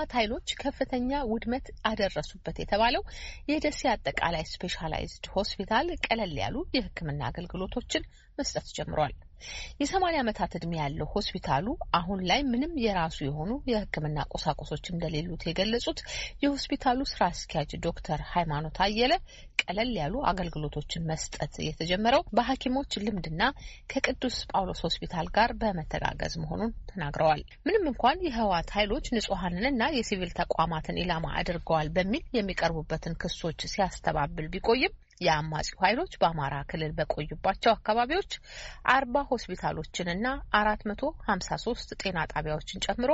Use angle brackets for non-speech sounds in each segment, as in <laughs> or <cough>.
የህወሓት ኃይሎች ከፍተኛ ውድመት አደረሱበት የተባለው የደሴ አጠቃላይ ስፔሻላይዝድ ሆስፒታል ቀለል ያሉ የሕክምና አገልግሎቶችን መስጠት ጀምሯል። የሰማኒያ ዓመታት ዕድሜ ያለው ሆስፒታሉ አሁን ላይ ምንም የራሱ የሆኑ የሕክምና ቁሳቁሶች እንደሌሉት የገለጹት የሆስፒታሉ ስራ አስኪያጅ ዶክተር ሃይማኖት አየለ ቀለል ያሉ አገልግሎቶችን መስጠት የተጀመረው በሐኪሞች ልምድና ከቅዱስ ጳውሎስ ሆስፒታል ጋር በመተጋገዝ መሆኑን ተናግረዋል። ምንም እንኳን የህወሓት ኃይሎች ንጹሐንንና የሲቪል ተቋማትን ኢላማ አድርገዋል በሚል የሚቀርቡበትን ክሶች ሲያስተባብል ቢቆይም የአማጺው ኃይሎች በአማራ ክልል በቆዩባቸው አካባቢዎች አርባ ሆስፒታሎችንና አራት መቶ ሀምሳ ሶስት ጤና ጣቢያዎችን ጨምሮ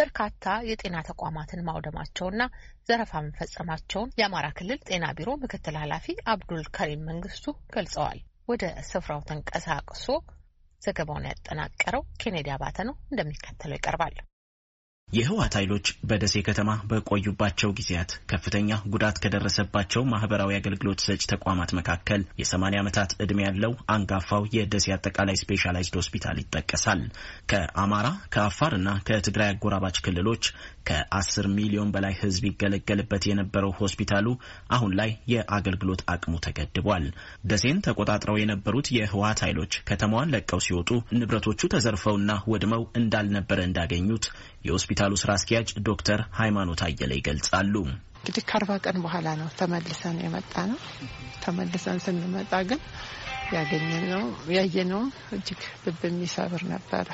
በርካታ የጤና ተቋማትን ማውደማቸውና ዘረፋ መፈጸማቸውን የአማራ ክልል ጤና ቢሮ ምክትል ኃላፊ አብዱል ከሪም መንግስቱ ገልጸዋል። ወደ ስፍራው ተንቀሳቅሶ ዘገባውን ያጠናቀረው ኬኔዲ አባተ ነው፣ እንደሚከተለው ይቀርባል። የህወሓት ኃይሎች በደሴ ከተማ በቆዩባቸው ጊዜያት ከፍተኛ ጉዳት ከደረሰባቸው ማህበራዊ አገልግሎት ሰጪ ተቋማት መካከል የ80 ዓመታት ዕድሜ ያለው አንጋፋው የደሴ አጠቃላይ ስፔሻላይዝድ ሆስፒታል ይጠቀሳል። ከአማራ ከአፋር ከትግራይ አጎራባች ክልሎች ከ10 ሚሊዮን በላይ ህዝብ ይገለገልበት የነበረው ሆስፒታሉ አሁን ላይ የአገልግሎት አቅሙ ተገድቧል። ደሴን ተቆጣጥረው የነበሩት የህወሓት ኃይሎች ከተማዋን ለቀው ሲወጡ ንብረቶቹ ተዘርፈውና ወድመው እንዳልነበረ እንዳገኙት የሆስፒታሉ ስራ አስኪያጅ ዶክተር ሃይማኖት አየለ ይገልጻሉ። እንግዲህ ከአርባ ቀን በኋላ ነው ተመልሰን የመጣ ነው። ተመልሰን ስንመጣ ግን ያገኘነው ያየነውም እጅግ ልብ የሚሰብር ነበረ።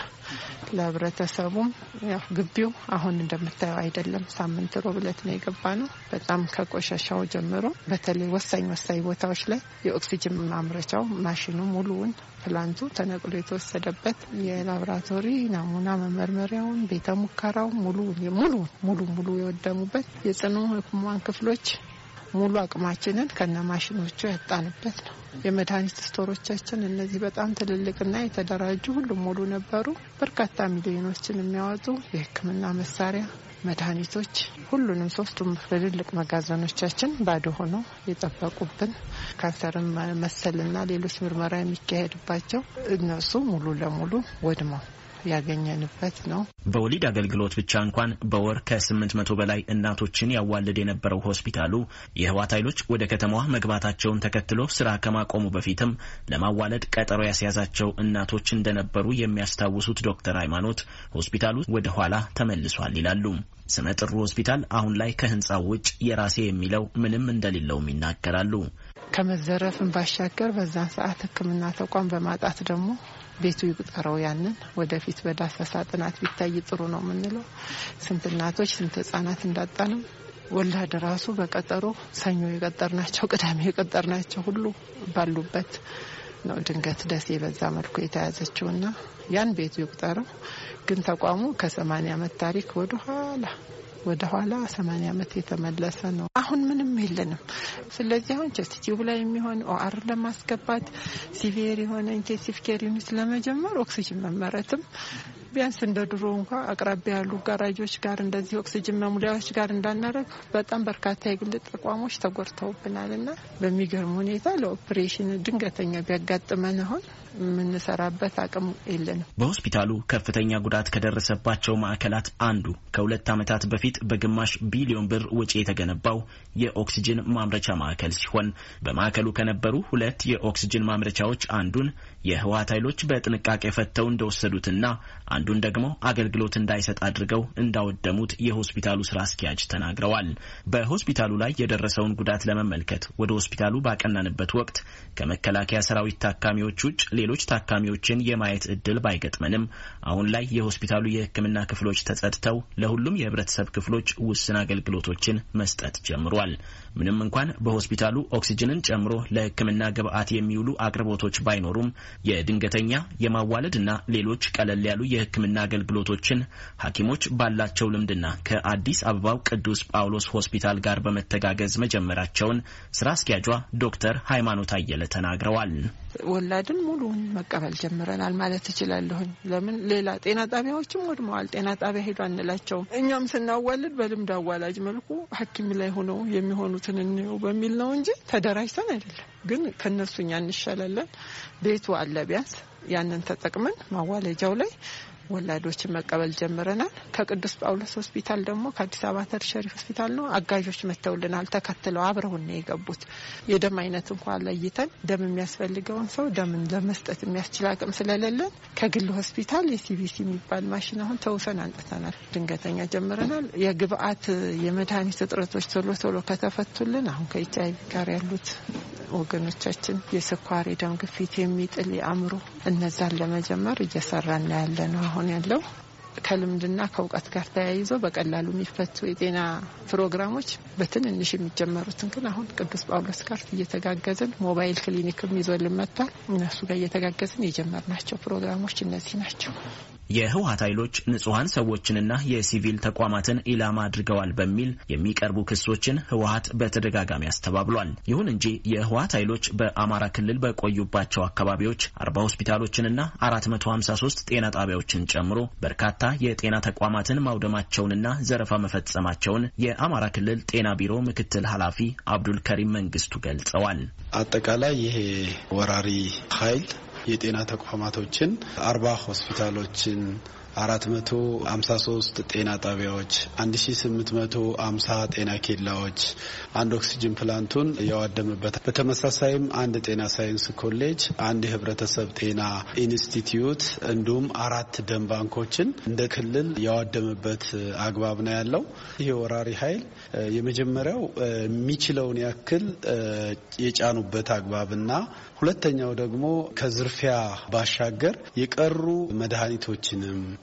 ለህብረተሰቡም ያው ግቢው አሁን እንደምታየው አይደለም። ሳምንት ሮብ ዕለት ነው የገባ ነው። በጣም ከቆሻሻው ጀምሮ በተለይ ወሳኝ ወሳኝ ቦታዎች ላይ የኦክሲጅን ማምረቻው ማሽኑ ሙሉውን ፕላንቱ ተነቅሎ የተወሰደበት የላብራቶሪ ናሙና መመርመሪያውን ቤተ ሙከራው ሙሉ ሙሉ ሙሉ ሙሉ የወደሙበት የጽኑ ህሙማን ክፍሎች ሙሉ አቅማችንን ከነ ማሽኖቹ ያጣንበት ነው። የመድኃኒት ስቶሮቻችን እነዚህ በጣም ትልልቅና የተደራጁ ሁሉም ሙሉ ነበሩ። በርካታ ሚሊዮኖችን የሚያወጡ የሕክምና መሳሪያ መድኃኒቶች ሁሉንም ሶስቱም ትልልቅ መጋዘኖቻችን ባዶ ሆነው የጠበቁብን ካንሰርም መሰልና ሌሎች ምርመራ የሚካሄድባቸው እነሱ ሙሉ ለሙሉ ወድመው ያገኘንበት ነው። በወሊድ አገልግሎት ብቻ እንኳን በወር ከስምንት መቶ በላይ እናቶችን ያዋልድ የነበረው ሆስፒታሉ የህወሓት ኃይሎች ወደ ከተማዋ መግባታቸውን ተከትሎ ስራ ከማቆሙ በፊትም ለማዋለድ ቀጠሮ ያስያዛቸው እናቶች እንደነበሩ የሚያስታውሱት ዶክተር ሃይማኖት ሆስፒታሉ ወደ ኋላ ተመልሷል ይላሉ። ስመጥሩ ሆስፒታል አሁን ላይ ከህንፃው ውጭ የራሴ የሚለው ምንም እንደሌለውም ይናገራሉ። ከመዘረፍን ባሻገር በዛን ሰዓት ህክምና ተቋም በማጣት ደግሞ ቤቱ ይቁጠረው። ያንን ወደፊት በዳሰሳ ጥናት ቢታይ ጥሩ ነው የምንለው። ስንት እናቶች ስንት ህጻናት እንዳጣንም ወላድ ራሱ በቀጠሮ ሰኞ የቀጠር ናቸው <laughs> ቅዳሜ የቀጠር ናቸው ሁሉ ባሉበት ነው ድንገት ደሴ በዛ መልኩ የተያዘችውና ያን ቤቱ ይቁጠረው። ግን ተቋሙ ከሰማንያ ዓመት ታሪክ ኋላ ወደኋላ ሰማንያ ዓመት የተመለሰ ነው። አሁን ምንም የለንም። ስለዚህ አሁን ቸስቲቲቡ ላይ የሚሆን ኦአር ለማስገባት ሲቪየር የሆነ ኢንቴንሲቭ ኬር ዩኒት ለመጀመር ኦክሲጅን መመረትም ቢያንስ እንደ ድሮ እንኳ አቅራቢያ ያሉ ጋራጆች ጋር እንደዚህ ኦክሲጅን መሙሊያዎች ጋር እንዳናረግ በጣም በርካታ የግል ተቋሞች ተጎድተውብናል እና በሚገርም ሁኔታ ለኦፕሬሽን ድንገተኛ ቢያጋጥመን አሁን የምንሰራበት አቅም የለንም። በሆስፒታሉ ከፍተኛ ጉዳት ከደረሰባቸው ማዕከላት አንዱ ከሁለት ዓመታት በፊት በግማሽ ቢሊዮን ብር ወጪ የተገነባው የኦክሲጅን ማምረቻ ማዕከል ሲሆን በማዕከሉ ከነበሩ ሁለት የኦክሲጅን ማምረቻዎች አንዱን የህወሀት ኃይሎች በጥንቃቄ ፈተው እንደወሰዱትና አንዱን ደግሞ አገልግሎት እንዳይሰጥ አድርገው እንዳወደሙት የሆስፒታሉ ስራ አስኪያጅ ተናግረዋል። በሆስፒታሉ ላይ የደረሰውን ጉዳት ለመመልከት ወደ ሆስፒታሉ ባቀናንበት ወቅት ከመከላከያ ሰራዊት ታካሚዎች ውጭ ሌሎች ታካሚዎችን የማየት እድል ባይገጥመንም አሁን ላይ የሆስፒታሉ የሕክምና ክፍሎች ተጸድተው ለሁሉም የህብረተሰብ ክፍሎች ውስን አገልግሎቶችን መስጠት ጀምሯል። ምንም እንኳን በሆስፒታሉ ኦክሲጅንን ጨምሮ ለሕክምና ግብዓት የሚውሉ አቅርቦቶች ባይኖሩም የድንገተኛ የማዋለድና ሌሎች ቀለል ያሉ የሕክምና አገልግሎቶችን ሐኪሞች ባላቸው ልምድና ከአዲስ አበባው ቅዱስ ጳውሎስ ሆስፒታል ጋር በመተጋገዝ መጀመራቸውን ስራ አስኪያጇ ዶክተር ሃይማኖት አየለ ተናግረዋል። ወላድን ሙሉውን መቀበል ጀምረናል ማለት እችላለሁኝ። ለምን ሌላ ጤና ጣቢያዎችም ወድመዋል። ጤና ጣቢያ ሄዱ አንላቸውም። እኛም ስናዋልድ በልምድ አዋላጅ መልኩ ሐኪም ላይ ሆነው የሚሆኑትን እንየው በሚል ነው እንጂ ተደራጅተን አይደለም። ግን ከእነሱ እኛ እንሻላለን። ቤቱ አለ ቢያንስ ያንን ተጠቅመን ማዋለጃው ላይ ወላዶችን መቀበል ጀምረናል። ከቅዱስ ጳውሎስ ሆስፒታል ደግሞ ከአዲስ አበባ ተርሸሪ ሆስፒታል ነው አጋዦች መጥተውልናል። ተከትለው አብረውን ነው የገቡት። የደም አይነት እንኳን ለይተን ደም የሚያስፈልገውን ሰው ደምን ለመስጠት የሚያስችል አቅም ስለሌለን ከግል ሆስፒታል የሲቢሲ የሚባል ማሽን አሁን ተውሰን አንጥተናል። ድንገተኛ ጀምረናል። የግብአት የመድኃኒት እጥረቶች ቶሎ ቶሎ ከተፈቱልን አሁን ከኤች ጋር ያሉት ወገኖቻችን የስኳር፣ የደም ግፊት፣ የሚጥል የአእምሮ እነዛን ለመጀመር እየሰራና ያለ ነው አሁን አሁን ያለው ከልምድና ከእውቀት ጋር ተያይዞ በቀላሉ የሚፈቱ የጤና ፕሮግራሞች በትንንሽ የሚጀመሩትን ግን አሁን ቅዱስ ጳውሎስ ጋር እየተጋገዝን ሞባይል ክሊኒክም ይዞልን መጥቷል። እነሱ ጋር እየተጋገዝን የጀመርናቸው ፕሮግራሞች እነዚህ ናቸው። የህወሀት ኃይሎች ንጹሐን ሰዎችንና የሲቪል ተቋማትን ኢላማ አድርገዋል በሚል የሚቀርቡ ክሶችን ህወሀት በተደጋጋሚ አስተባብሏል። ይሁን እንጂ የህወሀት ኃይሎች በአማራ ክልል በቆዩባቸው አካባቢዎች አርባ ሆስፒታሎችንና አራት መቶ ሀምሳ ሶስት ጤና ጣቢያዎችን ጨምሮ በርካታ የጤና ተቋማትን ማውደማቸውንና ዘረፋ መፈጸማቸውን የአማራ ክልል ጤና ቢሮ ምክትል ኃላፊ አብዱል ከሪም መንግስቱ ገልጸዋል። አጠቃላይ ይሄ ወራሪ ኃይል የጤና ተቋማቶችን አርባ ሆስፒታሎችን 453 ጤና ጣቢያዎች፣ 1850 ጤና ኬላዎች አንድ ኦክሲጅን ፕላንቱን ያዋደምበት በተመሳሳይም አንድ ጤና ሳይንስ ኮሌጅ፣ አንድ የህብረተሰብ ጤና ኢንስቲትዩት እንዲሁም አራት ደም ባንኮችን እንደ ክልል ያዋደምበት አግባብ ነው ያለው። ይህ የወራሪ ኃይል የመጀመሪያው የሚችለውን ያክል የጫኑበት አግባብና ሁለተኛው ደግሞ ከዝርፊያ ባሻገር የቀሩ መድኃኒቶችንም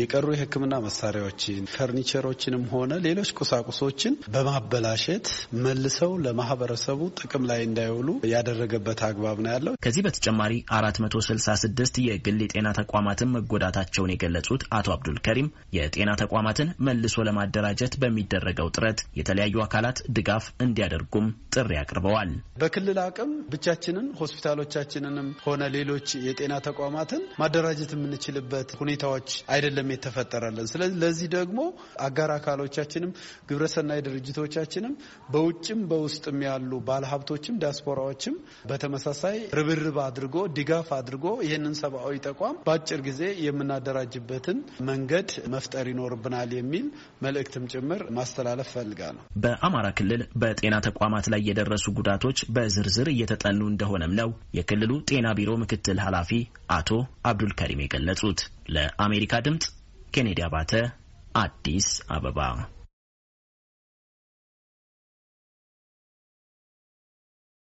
የቀሩ የሕክምና መሳሪያዎችን ፈርኒቸሮችንም ሆነ ሌሎች ቁሳቁሶችን በማበላሸት መልሰው ለማህበረሰቡ ጥቅም ላይ እንዳይውሉ ያደረገበት አግባብ ነው ያለው። ከዚህ በተጨማሪ 466 የግል የጤና ተቋማትን መጎዳታቸውን የገለጹት አቶ አብዱል ከሪም የጤና ተቋማትን መልሶ ለማደራጀት በሚደረገው ጥረት የተለያዩ አካላት ድጋፍ እንዲያደርጉም ጥሪ አቅርበዋል። በክልል አቅም ብቻችንን ሆስፒታሎቻችንንም ሆነ ሌሎች የጤና ተቋማትን ማደራጀት የምንችልበት ሁኔታዎች አይደለም ስሜት ተፈጠረለን። ስለዚህ ለዚህ ደግሞ አጋር አካሎቻችንም ግብረሰናይ ድርጅቶቻችንም በውጭም በውስጥም ያሉ ባለሀብቶችም ዲያስፖራዎችም በተመሳሳይ ርብርብ አድርጎ ድጋፍ አድርጎ ይህንን ሰብአዊ ተቋም በአጭር ጊዜ የምናደራጅበትን መንገድ መፍጠር ይኖርብናል የሚል መልእክትም ጭምር ማስተላለፍ ፈልጋለሁ። በአማራ ክልል በጤና ተቋማት ላይ የደረሱ ጉዳቶች በዝርዝር እየተጠኑ እንደሆነም ነው የክልሉ ጤና ቢሮ ምክትል ኃላፊ አቶ አብዱል ከሪም የገለጹት። ለአሜሪካ ድምጽ ኬኔዲ አባተ አዲስ አበባ